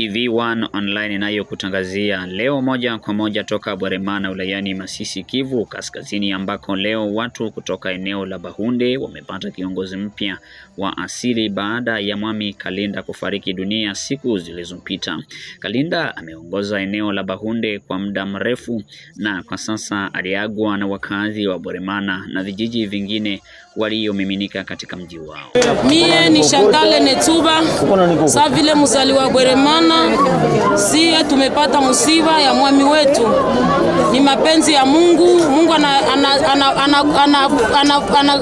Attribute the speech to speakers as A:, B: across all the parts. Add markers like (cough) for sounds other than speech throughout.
A: TV1 online inayokutangazia leo moja kwa moja toka Bweremana ulayani Masisi, Kivu Kaskazini, ambako leo watu kutoka eneo la Bahunde wamepata kiongozi mpya wa asili baada ya Mwami Kalinda kufariki dunia siku zilizopita. Kalinda ameongoza eneo la Bahunde kwa muda mrefu na kwa sasa aliagwa na wakazi wa Bweremana na vijiji vingine waliomiminika katika mji wao.
B: Mie ni Shantale Netuba, sa vile mzaliwa Bweremana, siye tumepata musiba ya mwami wetu. Ni mapenzi ya Mungu. Mungu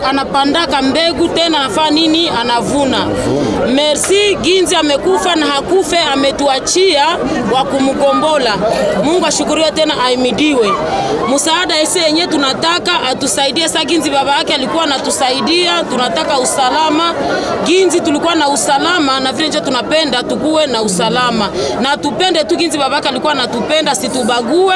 B: anapandaka mbegu tena anafaa nini, anavuna Merci Ginzi amekufa na hakufe, ametuachia wa kumgombola. Mungu ashukuriwe tena aimidiwe. Msaada ese yenye tunataka atusaidie. Sa Ginzi baba yake alikuwa anatusaidia, tunataka usalama. Ginzi tulikuwa na usalama na vile nje tunapenda tukuwe na usalama. Na tupende tu Ginzi baba yake alikuwa anatupenda, situbague.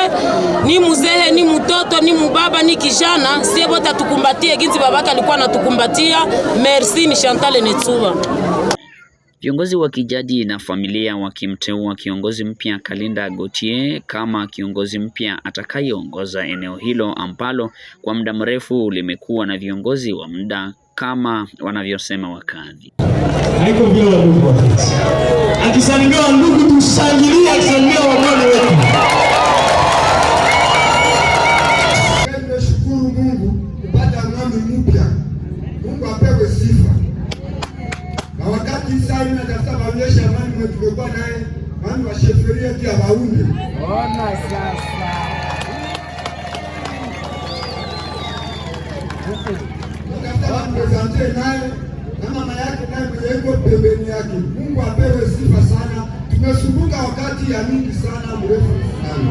B: Ni mzehe, ni mtoto, ni mbaba, ni kijana, sie wote tukumbatie Ginzi baba yake alikuwa anatukumbatia. Merci ni Chantal Netsuba.
A: Viongozi wa kijadi na familia wakimteua kiongozi mpya Kalinda Gotie kama kiongozi mpya atakayeongoza eneo hilo ambalo kwa muda mrefu limekuwa na viongozi wa muda kama wanavyosema wakazi. bila ndugu, tusangilie, akisalimia kuwa naye mami wa sheferia ya Baunde. Ona sasa
B: aaaezante naye na mama yake naye mwenyeiko pembeni yake. Mungu apewe sifa sana. Tumesumbuka wakati ya mingi sana mrefu sana.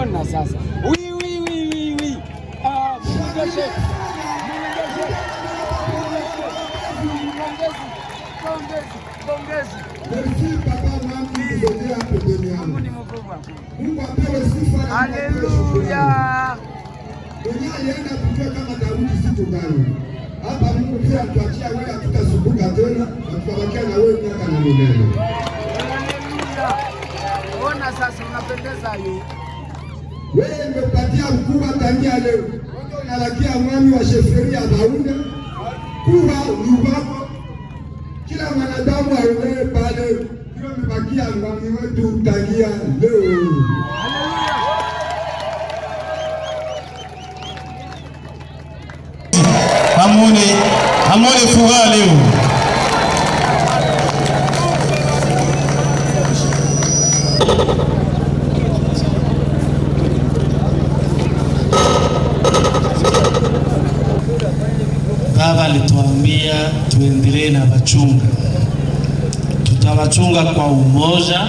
B: Ona sasa. Haleluya. Dunia alienda kukiwa kama Daudi situgali hapa. Mungu pia atuachia wewe, hatutasumbuka tena na
C: tutabakia na wewe miaka na milele. Ona sasa, unapendeza yo, wewe ndio patia ukubwa tangia leo nalakia mwami wa sheferia Kaunda kuwa lubako, kila mwanadamu aendelee pale. Ndio imebakia mwami wetu tangia leo. Hamone, furaha leo.
D: tuendelee na wachunga. Tutawachunga kwa umoja,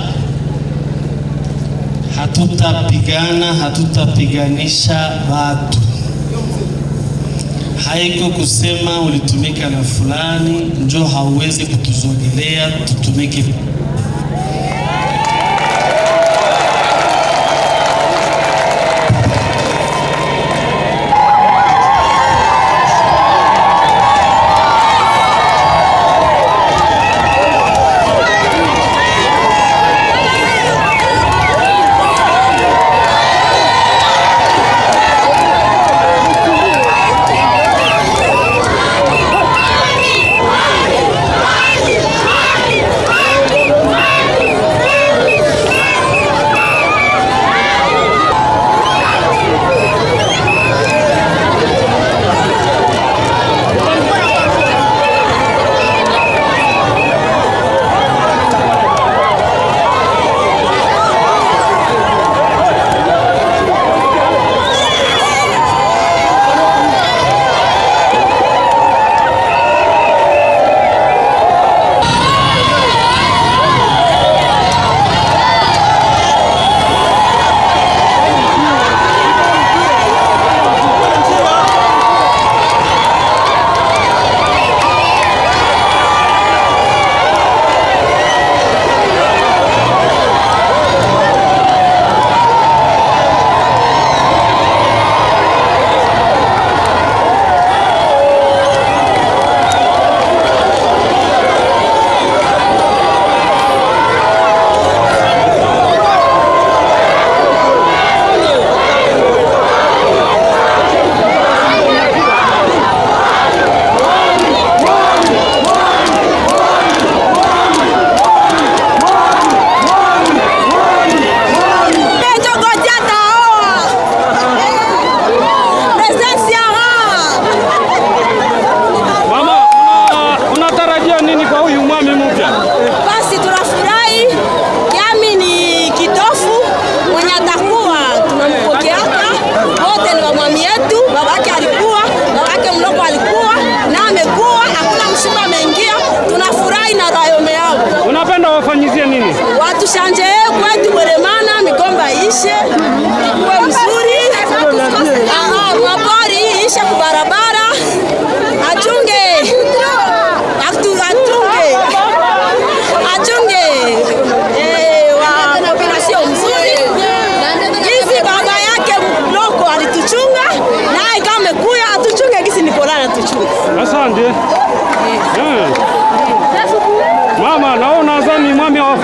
D: hatutapigana, hatutapiganisha watu. Haiko kusema ulitumika na fulani njo hauwezi kutuzogelea tutumike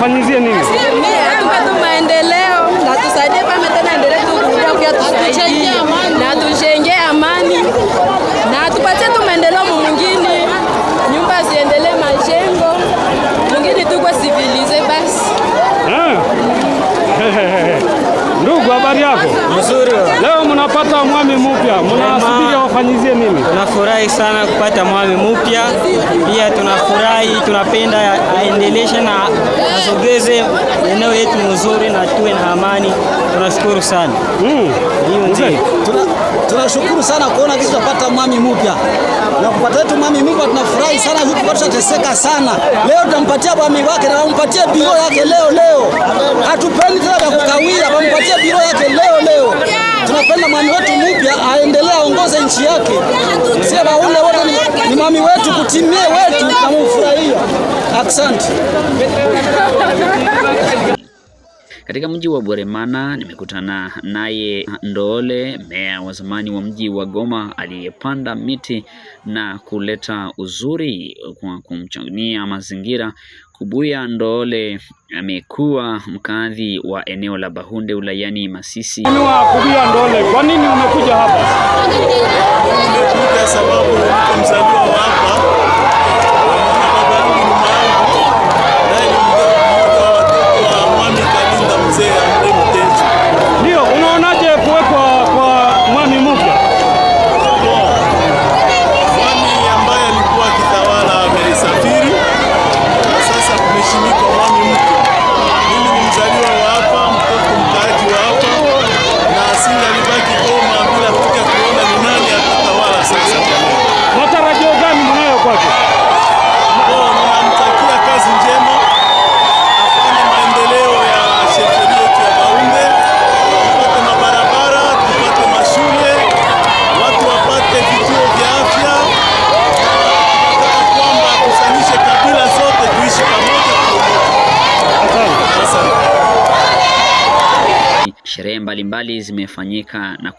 E: tufanyizie nini?
F: na tusaidie kama tujenge amani na tupatie tu maendeleo nyumba ziendelee majengo mwingine, tuko civilize
E: yako? Mzuri. Leo mnapata mwami mpya, mnasubiri wafanyizie mimi?
G: Tunafurahi sana kupata mwami mpya, pia tunafurahi, tunapenda aendeleshe na asogeze eneo yetu mzuri na tuwe na amani. Tunashukuru sana
E: mm.
H: Tunashukuru tuna sana kuona kisi tunapata mwami mpya na kupata wetu mwami mpya, tunafurahi sana tunateseka sana. Leo tutampatia mwami wake na wampatie biro yake leo leo, hatupendi tena ya kukawia, tumpatie biro yake leo leo. Tunapenda mwami wetu mpya aendelee, aongoze nchi yake, sie baule wote ni, ni mwami wetu kutimie wetu, namufurahia. Asante.
A: Katika mji wa Bweremana nimekutana naye Ndoole, meya wa zamani wa mji wa Goma aliyepanda miti na kuleta uzuri kwa kumchangia mazingira. Kubuya Ndoole amekuwa mkadhi wa eneo la Bahunde wilayani Masisi.
E: Kubuya Ndoole, kwa nini umekuja hapa?
A: Sherehe mbalimbali zimefanyika na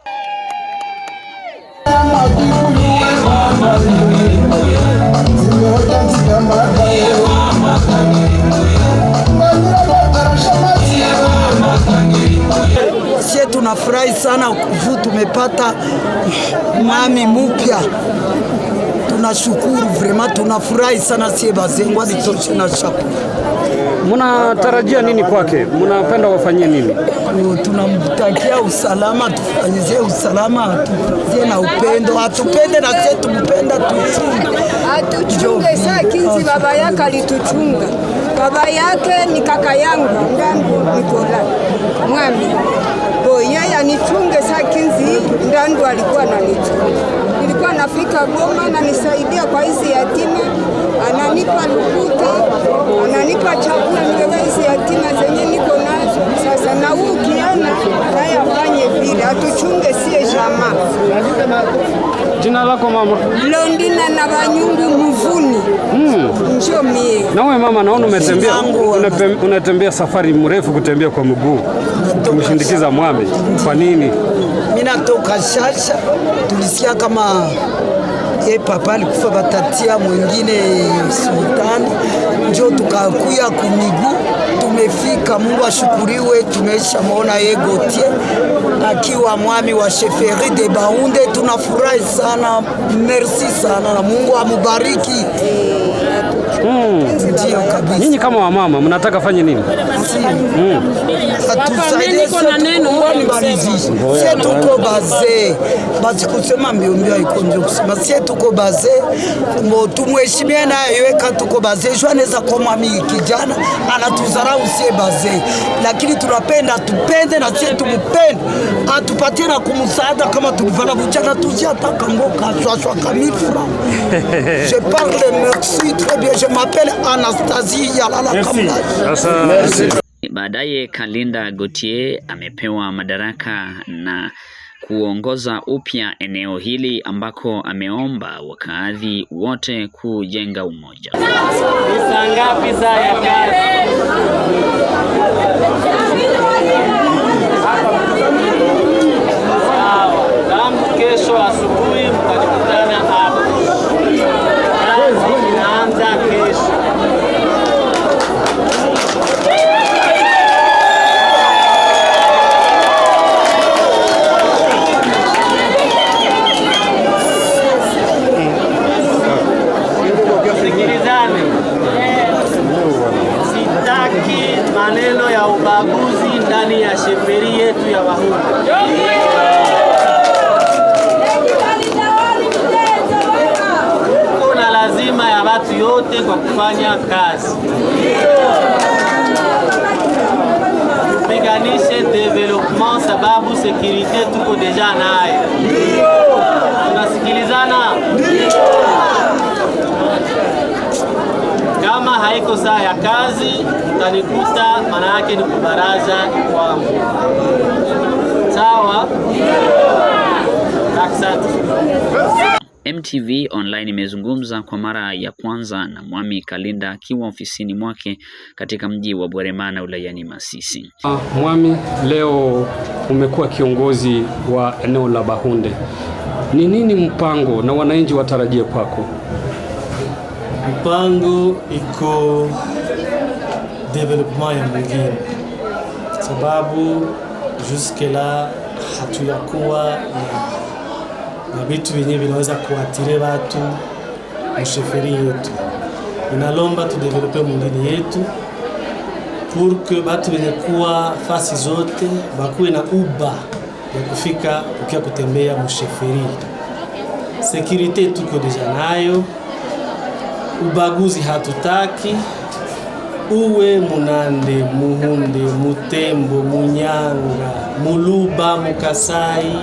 I: sie tunafurahi sana vu tumepata mami mupya. Tunashukuru vrema, tunafurahi sana sie bazengwa ditoshe na chapo
E: Mnatarajia nini kwake? Mnapenda wafanyie nini?
I: Tunamtakia usalama, tufanyizie usalama, tufanyizie na upendo, atupende na sisi tumpenda, tuchunge,
J: atuchunge saa kinzi. Baba yake alituchunga, baba yake ni kaka yangu Ndandu Nikola Mwami, yeye nichunge saa kinzi. Ndandu alikuwa ananichunga nafika Goma, nisaidia kwa hizi yatima, ananipa lukuta, ananipa chakula niweza hizi yatima zenye niko nazo sasa. Na huu ukiona naye vile, atuchunge sie jama.
E: Jina lako mama?
J: Londina na Banyungu Mvuni.
E: Mm. Njoo mie. Nawe mama, naona umetembea unatembea safari mrefu kutembea kwa mguu kumshindikiza mwami, kwa nini?
I: inatoka shasha, tulisikia kama ye papa alikufa, batatia mwingine sultani, njo tukakuya kumiguu, tumefika. Mungu ashukuriwe, tumesha mwona ye Gotie akiwa mwami wa sheferi de Baunde. Tunafurahi sana, merci sana na Mungu amubariki.
E: Mm. Nyinyi kama wamama mnataka fanye nini?
I: Mm. Atusaidie kwa neno tuko bazee. Basi kusema mbio mbio iko ndio kusema sisi tuko bazee tumheshimie naye weka tuko bazee juu anaweza mwami kijana anatuzarau sie bazee, lakini tunapenda tupende na sie tumupende, atupatie na kumusaada kama tulivana vujana tujiatakangokaashwa kamifra (laughs) je parle merci très bien je m'appelle Anastasie Yalala Kamla.
A: Baadaye Kalinda Gauthier amepewa madaraka na kuongoza upya eneo hili ambako ameomba wakaadhi wote kujenga umoja.
G: yote kwa kufanya kazi. Tupiganishe development sababu security tuko deja naye. Tunasikilizana? Kama haiko saa ya kazi utanikuta, maana yake ni kubaraza kwangu. Sawa?
A: Asante. MTV Online imezungumza kwa mara ya kwanza na Mwami Kalinda akiwa ofisini mwake katika mji wa Bweremana wilayani Masisi.
K: Ah, Mwami, leo umekuwa kiongozi wa eneo la Bahunde, ni nini mpango na wananchi watarajie kwako?
L: Mpango iko development ya mwingine, sababu juske la hatuyakuwa na na vitu vyenye vinaweza kuatire watu musheferi yetu. Inalomba tudevelope mwingine yetu purke batu venye kuwa fasi zote bakuwe na uba ya kufika ukia kutembea musheferi. Sekurite tuko deja nayo, ubaguzi hatutaki uwe munande muhunde mutembo munyanga muluba mukasai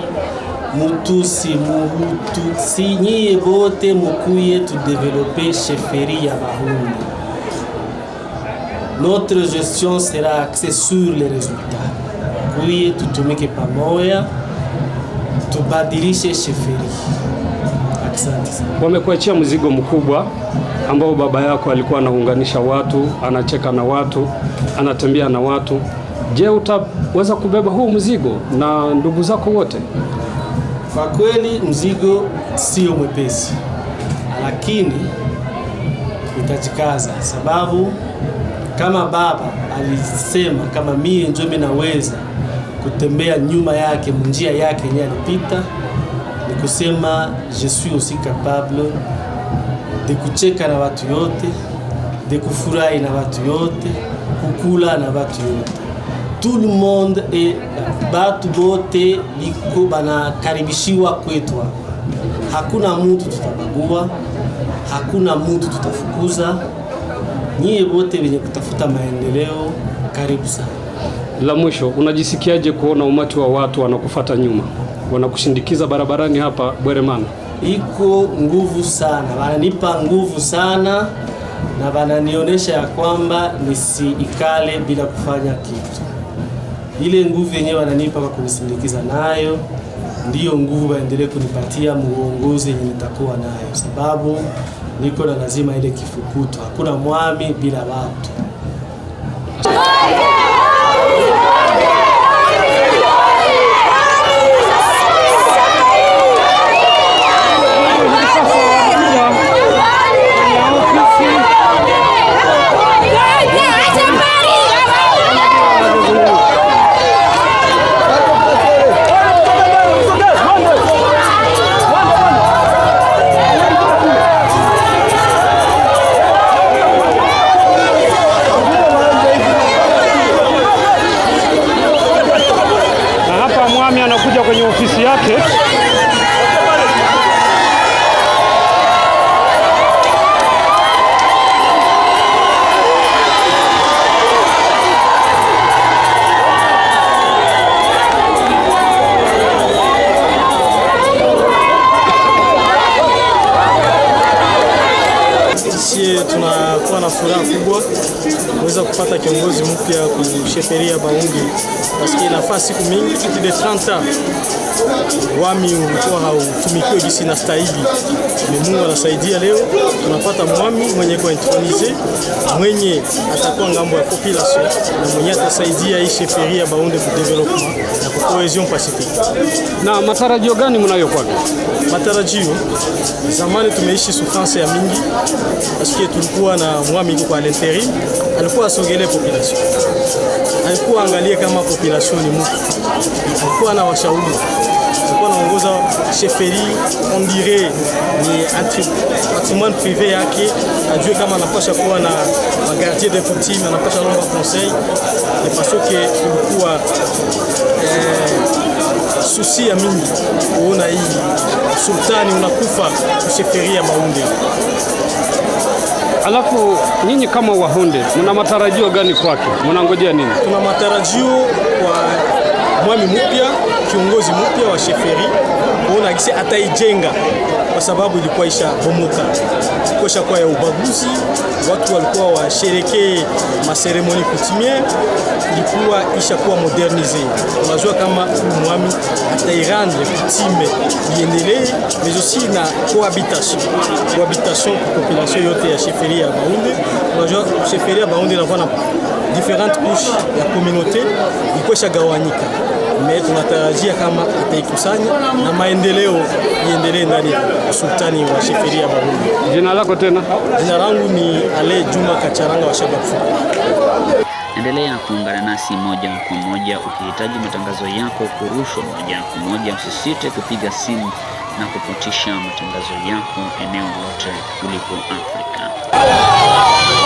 L: Mutusi, Muhutu, nyie bote mukuye tudevelope sheferi ya Bahunde. Notre gestion sera axée sur les résultats. Kuye tutumike pamoya tubadilishe sheferi.
K: Wamekuachia mzigo mkubwa ambao baba yako alikuwa anaunganisha watu, anacheka na watu, anatembea na watu. Je, utaweza kubeba huu mzigo na ndugu zako wote?
L: Kwa kweli mzigo sio mwepesi, lakini nitajikaza, sababu kama baba alisema kama mie njo mimi naweza kutembea nyuma yake munjia yake yenyewe alipita, ni kusema je suis aussi capable de kucheka na watu yote, de kufurahi na watu yote, kukula na watu yote tout le monde e batu bote liko banakaribishiwa kwetwa. Hakuna mutu tutabagua, hakuna mutu tutafukuza. Nyie bote wenye kutafuta maendeleo, karibu sana.
K: La mwisho, unajisikiaje kuona umati wa watu wanakufata nyuma, wanakushindikiza barabarani hapa Bweremana?
L: Iko nguvu sana, wananipa nguvu sana na wananionyesha ya kwamba nisiikale bila kufanya kitu ile nguvu yenyewe wananipa kwa kunisindikiza nayo, ndiyo nguvu waendelee kunipatia muongozi yenye nitakuwa nayo, sababu niko na lazima ile kifukuto. hakuna mwami bila watu.
M: sie tunakuwa na furaha kubwa kuweza kupata kiongozi mpya kusheferia Bahungi, paske inafaa siku mingi tuti de 30 wami ulikuwa hautumikiwe jinsi stahili. Ni Mungu anasaidia, leo tunapata mwami mwenye kuintronize, mwenye atakuwa ngambo ya population na mwenye atasaidia hii sheferia ku development na ku cohesion pacifique.
E: Na matarajio gani mnayo kwake?
M: Matarajio zamani tumeishi sufranse ya mingi paske tulikuwa na mwami iko kwa lenteri, alikuwa asogelee population, alikuwa angalie kama population ni mtu, alikuwa na washauri, alikuwa anaongoza sheferi ondire ni patrimoine prive yake, ajue kama anapasha kuwa na magardier de coutume, anapasha lomba conseil de faso ke susi ya mingi kuona hii sultani unakufa kusheferia maunde
E: Alafu nyinyi kama Wahunde mna matarajio gani kwake? Mnangojea nini?
M: Tuna matarajio kwa mwami mpya kiongozi mpya wa sheferi kuona akisi ataijenga, kwa sababu ilikuwa isha bomoka, kosha kwa ya ubaguzi. Watu walikuwa washerekee maseremoni kutimie, ilikuwa isha kuwa modernize. Unajua kama mwami atairendre kutime liendelee, mais aussi na cohabitation, cohabitation kwa population yote ya sheferi ya Baunde. Unajua sheferi ya Baunde inakuwa na different couche ya communauté, iko ishagawanyika me tunatarajia kama itaikusanya na maendeleo iendelee ndani ya usultani wa Sheferia ya Bahundu.
E: Jina lako tena?
M: Jina langu ni Ale Juma Kacharanga wa Shaba Kufuka.
A: Endelea na kuungana nasi moja kwa moja. Ukihitaji matangazo yako kurushwa moja kwa moja, usisite kupiga simu na kupotisha matangazo yako eneo lote kuliko Afrika.